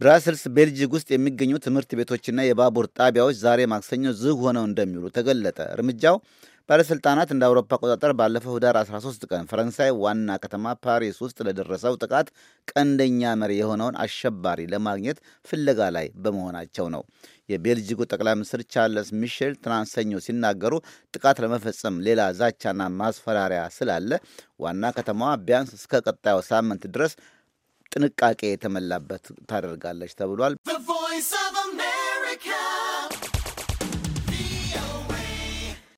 ብራስልስ ቤልጂክ ውስጥ የሚገኙ ትምህርት ቤቶችና የባቡር ጣቢያዎች ዛሬ ማክሰኞ ዝግ ሆነው እንደሚውሉ ተገለጠ። እርምጃው ባለሥልጣናት እንደ አውሮፓ አቆጣጠር ባለፈው ህዳር 13 ቀን ፈረንሳይ ዋና ከተማ ፓሪስ ውስጥ ለደረሰው ጥቃት ቀንደኛ መሪ የሆነውን አሸባሪ ለማግኘት ፍለጋ ላይ በመሆናቸው ነው። የቤልጂጉ ጠቅላይ ሚኒስትር ቻርለስ ሚሼል ትናንት ሰኞ ሲናገሩ ጥቃት ለመፈጸም ሌላ ዛቻና ማስፈራሪያ ስላለ ዋና ከተማዋ ቢያንስ እስከ ቀጣዩ ሳምንት ድረስ ጥንቃቄ የተሞላበት ታደርጋለች ተብሏል።